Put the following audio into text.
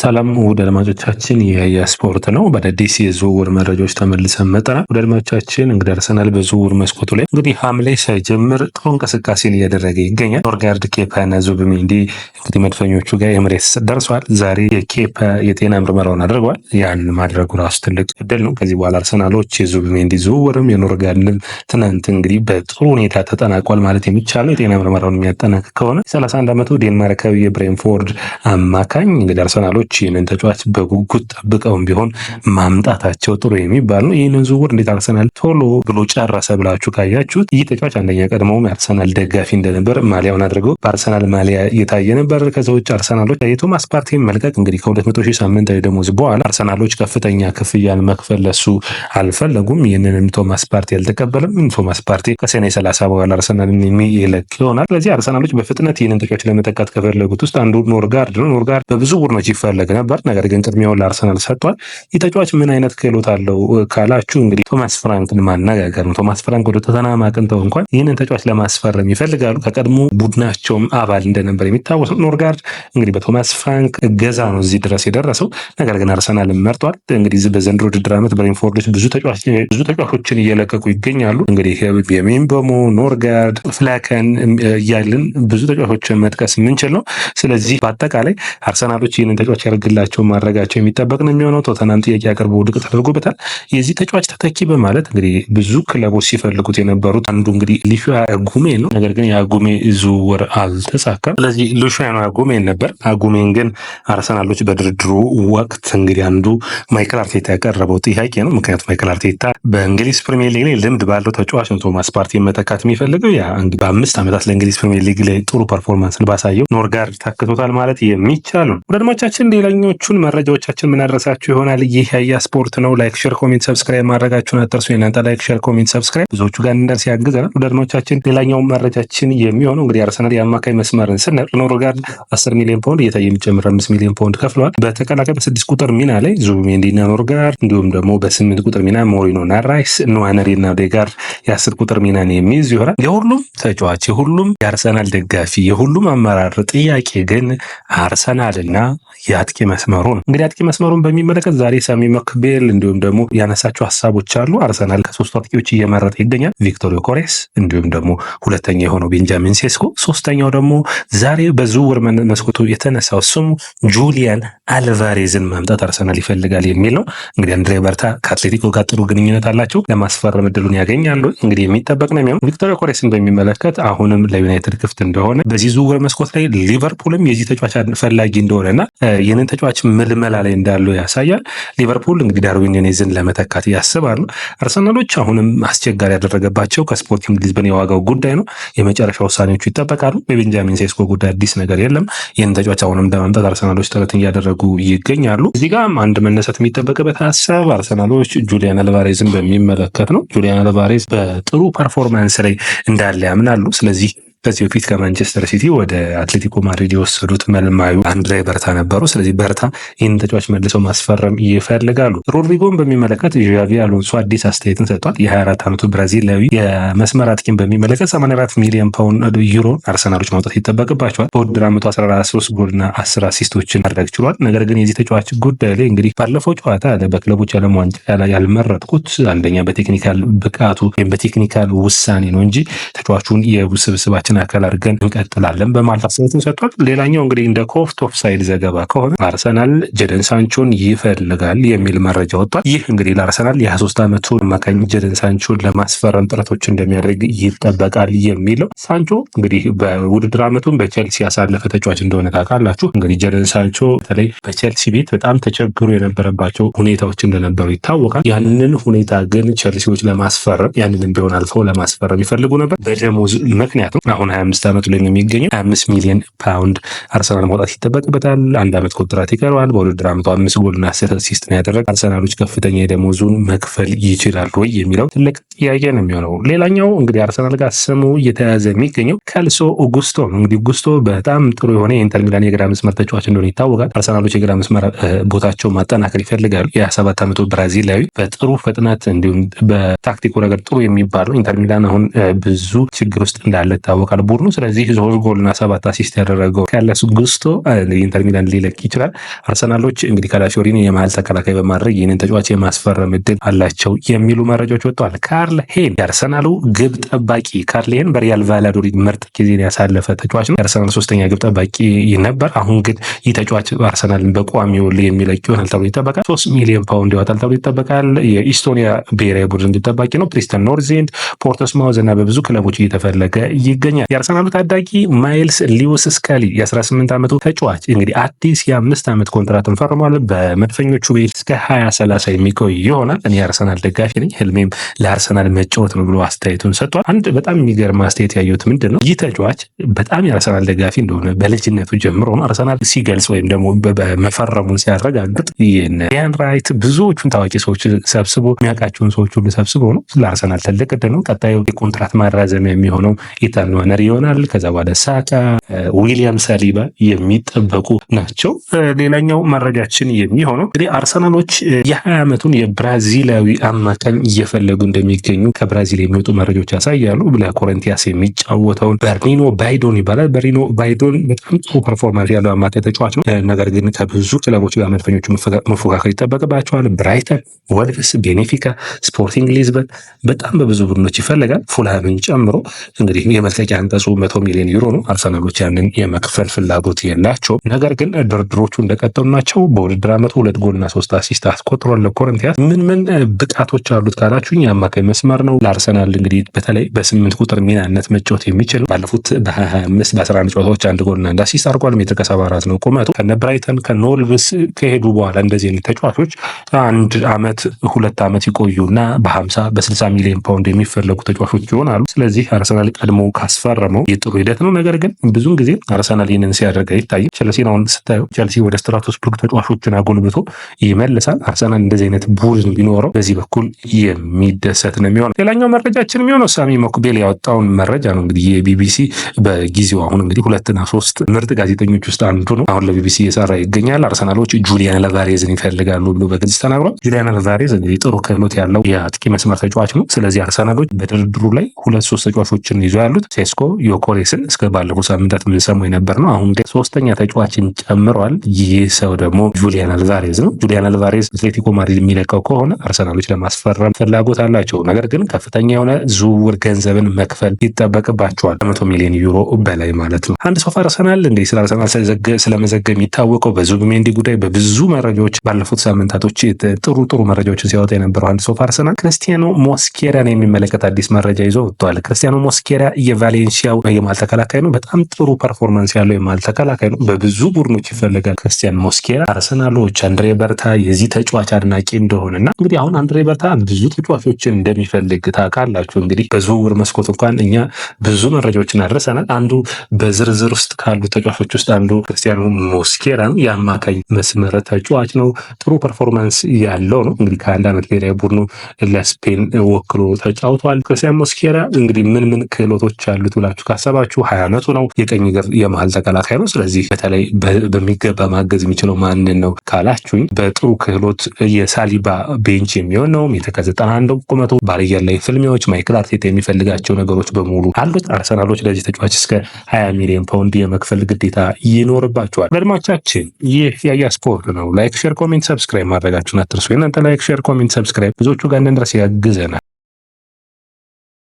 ሰላም ውድ አድማጮቻችን፣ የያ ስፖርት ነው። በአዳዲስ የዝውውር መረጃዎች ተመልሰን መጠና ውድ አድማጮቻችን እንግዲህ አርሰናል በዝውውር መስኮቱ ላይ እንግዲህ ሐምሌ ሳይጀምር ጥሩ እንቅስቃሴን እያደረገ ይገኛል። ኖርጋርድ ኬፓና ዙብሜንዲ እንግዲህ መድፈኞቹ ጋር ኤምሬትስ ደርሷል። ዛሬ የኬፓ የጤና ምርመራውን አድርገዋል። ያን ማድረጉ ራሱ ትልቅ እድል ነው። ከዚህ በኋላ አርሰናሎች የዙብሜንዲ ዝውውርም የኖርጋርድም ትናንት እንግዲህ በጥሩ ሁኔታ ተጠናቋል ማለት የሚቻለው የጤና ምርመራውን የሚያጠናቅቅ ከሆነ የ31 ዓመቱ ዴንማርካዊ የብሬንፎርድ አማካኝ እንግዲህ አርሰናሎች ሰዎች ይህንን ተጫዋች በጉጉት ጠብቀውም ቢሆን ማምጣታቸው ጥሩ የሚባል ነው። ይህንን ዝውውር እንዴት አርሰናል ቶሎ ብሎ ጨረሰ ብላችሁ ካያችሁት ይህ ተጫዋች አንደኛ ቀድሞውም የአርሰናል ደጋፊ እንደነበር ማሊያውን አድርገው በአርሰናል ማሊያ እየታየ ነበር። ከሰዎች አርሰናሎች የቶማስ ፓርቲን መልቀቅ እንግዲህ ከሁለት መቶ ሺህ ሳምንታዊ ደሞዝ በኋላ አርሰናሎች ከፍተኛ ክፍያን መክፈል ለሱ አልፈለጉም። ይህንንም ቶማስ ፓርቲ አልተቀበልም። ቶማስ ፓርቲ ከሰኔ ሰላሳ በኋላ አርሰናልን የሚለቅ ይሆናል። ስለዚህ አርሰናሎች በፍጥነት ይህንን ተጫዋች ለመተካት ከፈለጉት ውስጥ አንዱ ኖርጋርድ ነው። ኖርጋርድ በብዙ ቡድኖች ይፈለጋል ይፈለግ ነበር። ነገር ግን ቅድሚያውን ለአርሰናል ሰጥቷል። የተጫዋች ምን አይነት ክህሎት አለው ካላችሁ እንግዲህ ቶማስ ፍራንክን ማነጋገር ነው። ቶማስ ፍራንክ ወደ ቶተንሃም አቅንተው እንኳን ይህንን ተጫዋች ለማስፈረም ይፈልጋሉ። ከቀድሞ ቡድናቸውም አባል እንደነበር የሚታወስ ኖርጋርድ እንግዲህ በቶማስ ፍራንክ እገዛ ነው እዚህ ድረስ የደረሰው። ነገር ግን አርሰናል መርጧል። እንግዲህ በዘንድሮ ውድድር ዓመት ብሬንፎርዶች ብዙ ተጫዋቾችን እየለቀቁ ይገኛሉ። እንግዲህ የሚንበሞ ኖርጋርድ፣ ፍላከን እያልን ብዙ ተጫዋቾችን መጥቀስ የምንችል ነው። ስለዚህ በአጠቃላይ አርሰናሎች ይህንን ተጫዋች እንዲያደርግላቸው ማድረጋቸው የሚጠበቅ ነው የሚሆነው። ቶተናም ጥያቄ አቅርቦ ውድቅ ተደርጎበታል። የዚህ ተጫዋች ተተኪ በማለት እንግዲህ ብዙ ክለቦች ሲፈልጉት የነበሩት አንዱ እንግዲህ ሊሹ አጉሜ ነው። ነገር ግን የአጉሜ ዝውውር አልተሳካም። ስለዚህ ሊሹ አጉሜን ነበር። አጉሜን ግን አርሰናሎች በድርድሩ ወቅት እንግዲህ አንዱ ማይክል አርቴታ ያቀረበው ጥያቄ ነው። ምክንያቱም ማይክል አርቴታ በእንግሊዝ ፕሪሚየር ሊግ ላይ ልምድ ባለው ተጫዋች ነው ቶማስ ፓርቲ መተካት የሚፈልገው። ያ በአምስት ዓመታት ለእንግሊዝ ፕሪሚየር ሊግ ላይ ጥሩ ፐርፎርማንስ ባሳየው ኖር ጋር ታክቶታል ማለት የሚቻሉ ነው። ወዳድማቻችን ሌላኞቹን መረጃዎቻችን ምናደረሳችሁ ይሆናል። ይህ ያያ ስፖርት ነው። ላይክ፣ ሼር፣ ኮሜንት ሰብስክራይብ ማድረጋችሁን አትርሱ። የናንተ ላይክ፣ ሼር፣ ኮሜንት ሰብስክራይብ ብዙዎቹ ጋር እንደርስ ያግዘናል። ወደ አድማጮቻችን ሌላኛው መረጃችን የሚሆነው እንግዲህ አርሰናል የአማካይ መስመርን ስናይ ኖርጋርድ አስር ሚሊዮን ፓውንድ እየታየ የሚጨምር አምስት ሚሊዮን ፓውንድ ከፍለዋል። በተቀላቀል በስድስት ቁጥር ሚና ላይ ዙቢሜንዲና ኖርጋርድ እንዲሁም ደግሞ በስምንት ቁጥር ሚና ሞሪኖና ራይስ ንዋነሪና ዴጋርድ የአስር ቁጥር ሚናን የሚይዝ ይሆናል። የሁሉም ተጫዋች የሁሉም የአርሰናል ደጋፊ የሁሉም አመራር ጥያቄ ግን አርሰናልና አጥቂ መስመሩ ነው። እንግዲህ አጥቂ መስመሩን በሚመለከት ዛሬ ሳሚ መክቤል እንዲሁም ደግሞ ያነሳቸው ሀሳቦች አሉ። አርሰናል ከሶስቱ አጥቂዎች እየመረጠ ይገኛል። ቪክቶር ዮኬሬስ እንዲሁም ደግሞ ሁለተኛ የሆነው ቤንጃሚን ሴስኮ፣ ሶስተኛው ደግሞ ዛሬ በዝውውር መስኮቱ የተነሳው ስሙ ጁሊያን አልቫሬዝን ማምጣት አርሰናል ይፈልጋል የሚል ነው። እንግዲህ አንድሬ በርታ ከአትሌቲኮ ጋር ጥሩ ግንኙነት አላቸው። ለማስፈረም ዕድሉን ያገኛሉ። እንግዲህ የሚጠበቅ ነው የሚሆን። ቪክቶር ዮኬሬስን በሚመለከት አሁንም ለዩናይትድ ክፍት እንደሆነ በዚህ ዝውውር መስኮት ላይ ሊቨርፑልም የዚህ ተጫዋች ፈላጊ እንደሆነና ያንን ተጫዋች ምልመላ ላይ እንዳሉ ያሳያል። ሊቨርፑል እንግዲህ ዳርዊን ኑኔዝን ለመተካት ያስባሉ። አርሰናሎች አሁንም አስቸጋሪ ያደረገባቸው ከስፖርቲንግ ሊዝበን የዋጋው ጉዳይ ነው። የመጨረሻ ውሳኔዎቹ ይጠበቃሉ። በቤንጃሚን ሴስኮ ጉዳይ አዲስ ነገር የለም። ይህን ተጫዋች አሁንም ለማምጣት አርሰናሎች ጥረት እያደረጉ ይገኛሉ። እዚህ ጋም አንድ መነሳት የሚጠበቅበት ሀሳብ አርሰናሎች ጁሊያን አልቫሬዝን በሚመለከት ነው። ጁሊያን አልቫሬዝ በጥሩ ፐርፎርማንስ ላይ እንዳለ ያምናሉ። ስለዚህ ከዚህ በፊት ከማንቸስተር ሲቲ ወደ አትሌቲኮ ማድሪድ የወሰዱት መልማዩ አንድ ላይ በርታ ነበሩ። ስለዚህ በርታ ይህን ተጫዋች መልሰው ማስፈረም ይፈልጋሉ። ሮድሪጎን በሚመለከት ዣቪ አሎንሶ አዲስ አስተያየትን ሰጥቷል። የ24 ዓመቱ ብራዚላዊ የመስመር አጥቂን በሚመለከት 84 ሚሊዮን ፓውንድ ዩሮ አርሰናሎች ማውጣት ይጠበቅባቸዋል። በውድድር ዓመቱ 13 ጎልና 10 አሲስቶችን ማድረግ ችሏል። ነገር ግን የዚህ ተጫዋች ጉዳይ ላይ እንግዲህ ባለፈው ጨዋታ በክለቦች ዓለም ዋንጫ ያልመረጥኩት አንደኛ በቴክኒካል ብቃቱ ወይም በቴክኒካል ውሳኔ ነው እንጂ ተጫዋቹን የስብስባቸው ራሳችን አካል አድርገን እንቀጥላለን በማለት አስተያየትን ሰጥቷል። ሌላኛው እንግዲህ እንደ ኮፍት ኦፍሳይድ ዘገባ ከሆነ አርሰናል ጀደን ሳንቾን ይፈልጋል የሚል መረጃ ወጥቷል። ይህ እንግዲህ ለአርሰናል የ23 ዓመቱ አማካኝ ጀደን ሳንቾን ለማስፈረም ጥረቶች እንደሚያደርግ ይጠበቃል የሚለው ሳንቾ እንግዲህ በውድድር ዓመቱን በቼልሲ ያሳለፈ ተጫዋች እንደሆነ ታውቃላችሁ። እንግዲህ ጀደን ሳንቾ በተለይ በቼልሲ ቤት በጣም ተቸግሮ የነበረባቸው ሁኔታዎች እንደነበሩ ይታወቃል። ያንን ሁኔታ ግን ቼልሲዎች ለማስፈረም ያንንም ቢሆን አልፈው ለማስፈረም ይፈልጉ ነበር በደሞዝ ምክንያቱም አሁን 25 ዓመቱ ላይ ነው የሚገኘው። 25 ሚሊዮን ፓውንድ አርሰናል ማውጣት ይጠበቅበታል። አንድ ዓመት ኮንትራት ይቀረዋል። በውድድር ዓመቱ አምስት ጎልና አስር አሲስት ነው ያደረገ። አርሰናሎች ከፍተኛ የደሞዙን መክፈል ይችላሉ ወይ የሚለው ትልቅ ጥያቄ ነው የሚሆነው። ሌላኛው እንግዲህ አርሰናል ጋር ስሙ እየተያያዘ የሚገኘው ከልሶ ኦጉስቶ ነው። እንግዲህ ኦጉስቶ በጣም ጥሩ የሆነ የኢንተር ሚላን የግራ መስመር ተጫዋች እንደሆነ ይታወቃል። አርሰናሎች የግራ መስመር ቦታቸው ማጠናከር ይፈልጋሉ። የ27 ዓመቱ ብራዚላዊ በጥሩ ፍጥነት እንዲሁም በታክቲኩ ነገር ጥሩ የሚባለው ኢንተር ሚላን አሁን ብዙ ችግር ውስጥ እንዳለ ይታወቃል። ያስታውቃል ቡድኑ። ስለዚህ ሶስት እና ሰባት አሲስት ያደረገው ካርሎስ ጉስቶ ኢንተር ሚላን ሊለቅ ይችላል። አርሰናሎች እንግዲህ ካላፊዮሪን የመሀል ተከላካይ በማድረግ ይህንን ተጫዋች የማስፈረም እድል አላቸው የሚሉ መረጃዎች ወጥተዋል። ካርል ሄን የአርሰናሉ ግብ ጠባቂ ካርል ሄን በሪያል ቫላዶሪድ ምርጥ ጊዜን ያሳለፈ ተጫዋች ነው። የአርሰናል ሶስተኛ ግብ ጠባቂ ነበር። አሁን ግን ይህ ተጫዋች አርሰናልን በቋሚ የሚለቅ ይሆናል ተብሎ ይጠበቃል። ሶስት ሚሊዮን ፓውንድ ይወጣል ተብሎ ይጠበቃል። የኢስቶኒያ ብሔራዊ ቡድን ግብ ጠባቂ ነው። ፕሪስተን ኖርዜንድ፣ ፖርቶስማውዝ እና በብዙ ክለቦች እየተፈለገ ይገኛል። ይገኛል። የአርሰናሉ ታዳጊ ማይልስ ሊዩስ ስካሊ የ18 ዓመቱ ተጫዋች እንግዲህ አዲስ የአምስት ዓመት ኮንትራትን ፈርሟል። በመድፈኞቹ ቤት እስከ 2030 የሚቆይ ይሆናል። እኔ የአርሰናል ደጋፊ ነኝ፣ ህልሜም ለአርሰናል መጫወት ነው ብሎ አስተያየቱን ሰጥቷል። አንድ በጣም የሚገርም አስተያየት ያየሁት ምንድን ነው ይህ ተጫዋች በጣም የአርሰናል ደጋፊ እንደሆነ በልጅነቱ ጀምሮ ነው አርሰናል ሲገልጽ ወይም ደግሞ በመፈረሙን ሲያረጋግጥ ያን ራይት ብዙዎቹን ታዋቂ ሰዎች ሰብስቦ የሚያውቃቸውን ሰዎች ሁሉ ሰብስቦ ነው ለአርሰናል ትልቅ ነው። ቀጣዩ የኮንትራት ማራዘሚያ የሚሆነው ኢታን መሪ ይሆናል። ከዛ በኋላ ሳካ፣ ዊሊያም ሳሊባ የሚጠበቁ ናቸው። ሌላኛው መረጃችን የሚሆነው እንግዲህ አርሰናሎች የሀያ ዓመቱን የብራዚላዊ አማካኝ እየፈለጉ እንደሚገኙ ከብራዚል የሚወጡ መረጃዎች ያሳያሉ። ለኮረንቲያስ የሚጫወተውን በርኒኖ ባይዶን ይባላል። በርኒኖ ባይዶን በጣም ጥሩ ፐርፎርማንስ ያለው አማካኝ ተጫዋች ነው። ነገር ግን ከብዙ ክለቦች ጋር መድፈኞቹ መፎካከል ይጠበቅባቸዋል። ብራይተን፣ ወልፍስ፣ ቤኔፊካ፣ ስፖርቲንግ ሊዝበን በጣም በብዙ ቡድኖች ይፈልጋል ፉላምን ጨምሮ እንግዲህ የመልቀቂያ የአንቀጹ መቶ ሚሊዮን ዩሮ ነው። አርሰናሎች ያንን የመክፈል ፍላጎት የላቸውም። ነገር ግን ድርድሮቹ እንደቀጠሉ ናቸው። በውድድር ዓመቱ ሁለት ጎልና ሶስት አሲስት አስቆጥሯል። ለኮረንቲያስ ምን ምን ብቃቶች አሉት ካላችሁኝ አማካይ መስመር ነው። ለአርሰናል እንግዲህ በተለይ በስምንት ቁጥር ሚናነት መጫወት የሚችል ባለፉት በ25 በ11 ጨዋታዎች አንድ ጎልና አንድ አሲስት አድርጓል። ሜትር ከ74 ነው ቁመቱ። ከነ ብራይተን ከኖልቭስ ከሄዱ በኋላ እንደዚህ አይነት ተጫዋቾች አንድ አመት ሁለት አመት ይቆዩና በ50 በ60 ሚሊዮን ፓውንድ የሚፈለጉ ተጫዋቾች ይሆናሉ። ስለዚህ አርሰናል ቀድሞ ካስ ያስፈረመው የጥሩ ሂደት ነው። ነገር ግን ብዙን ጊዜ አርሰናል ይህንን ሲያደርግ አይታይም። ቸልሲን አሁን ስታዩ ቸልሲ ወደ ስትራስቡርግ ተጫዋቾችን አጎልብቶ ይመልሳል። አርሰናል እንደዚህ አይነት ቡድን ቢኖረው በዚህ በኩል የሚደሰት ነው የሚሆነው። ሌላኛው መረጃችን የሚሆነው ሳሚ ሞክቤል ያወጣውን መረጃ ነው። እንግዲህ የቢቢሲ በጊዜው አሁን እንግዲህ ሁለትና ሶስት ምርጥ ጋዜጠኞች ውስጥ አንዱ ነው። አሁን ለቢቢሲ እየሰራ ይገኛል። አርሰናሎች ጁሊያን አልቫሬዝን ይፈልጋሉ ብሎ በግልጽ ተናግሯል። ጁሊያን አልቫሬዝ እንግዲህ ጥሩ ክህሎት ያለው የአጥቂ መስመር ተጫዋች ነው። ስለዚህ አርሰናሎች በድርድሩ ላይ ሁለት ሶስት ተጫዋቾችን ይዞ ያሉት ሴስኮ ዮኮሬስን እስከ ባለፉት ሳምንታት የምንሰማው የነበር ነው። አሁን ግን ሶስተኛ ተጫዋችን ጨምሯል። ይህ ሰው ደግሞ ጁሊያን አልቫሬዝ ነው። ጁሊያን አልቫሬዝ አትሌቲኮ ማድሪድ የሚለቀው ከሆነ አርሰናሎች ለማስፈረም ፍላጎት አላቸው። ነገር ግን ከፍተኛ የሆነ ዝውውር ገንዘብን መክፈል ይጠበቅባቸዋል። መቶ ሚሊዮን ዩሮ በላይ ማለት ነው። አንድ ሶፍ አርሰናል እንግዲህ ስለ አርሰናል ስለመዘገብ የሚታወቀው በዙቢሜንዲ ጉዳይ በብዙ መረጃዎች ባለፉት ሳምንታቶች ጥሩ ጥሩ መረጃዎችን ሲያወጣ የነበረው አንድ ሶፍ አርሰናል ክርስቲያኖ ሞስኬራን የሚመለከት አዲስ መረጃ ይዞ ወጥቷል። ክርስቲያኖ ሞስኬራ የቫሌ ቫሌንሲያ የማል ተከላካይ ነው። በጣም ጥሩ ፐርፎርማንስ ያለው የማል ተከላካይ ነው። በብዙ ቡድኖች ይፈልጋል። ክርስቲያን ሞስኬራ፣ አርሰናሎች አንድሬ በርታ የዚህ ተጫዋች አድናቂ እንደሆነ እና እንግዲህ አሁን አንድሬ በርታ ብዙ ተጫዋቾችን እንደሚፈልግ ታውቃላችሁ። እንግዲህ በዝውውር መስኮት እንኳን እኛ ብዙ መረጃዎችን አድረሰናል። አንዱ በዝርዝር ውስጥ ካሉ ተጫዋቾች ውስጥ አንዱ ክርስቲያኑ ሞስኬራ ነው። የአማካኝ መስመር ተጫዋች ነው። ጥሩ ፐርፎርማንስ ያለው ነው። እንግዲህ ከአንድ ዓመት ብሔራዊ ቡድኑ ለስፔን ወክሎ ተጫውቷል። ክርስቲያን ሞስኬራ እንግዲህ ምን ምን ክህሎቶች አሉ አለበት ብላችሁ ካሰባችሁ ሀያ መቶ ነው። የቀኝ ገር የመሀል ተከላካይ ነው። ስለዚህ በተለይ በሚገባ ማገዝ የሚችለው ማንን ነው ካላችሁኝ በጥሩ ክህሎት የሳሊባ ቤንች የሚሆን ነው። ሜትር ከዘጠና አንድ ቁመቱ ባልየር ላይ ፍልሚያዎች ማይክል አርቴታ የሚፈልጋቸው ነገሮች በሙሉ አሉት። አርሰናሎች ለዚህ ተጫዋች እስከ ሀያ ሚሊዮን ፓውንድ የመክፈል ግዴታ ይኖርባቸዋል። በድማቻችን ይህ ያያ ስፖርት ነው። ላይክ፣ ሼር፣ ኮሜንት፣ ሰብስክራይብ ማድረጋችሁን አትርሱ። የእናንተ ላይክ፣ ሼር፣ ኮሜንት፣ ሰብስክራይብ ብዙዎቹ ጋር እንድንደርስ ያግዘናል።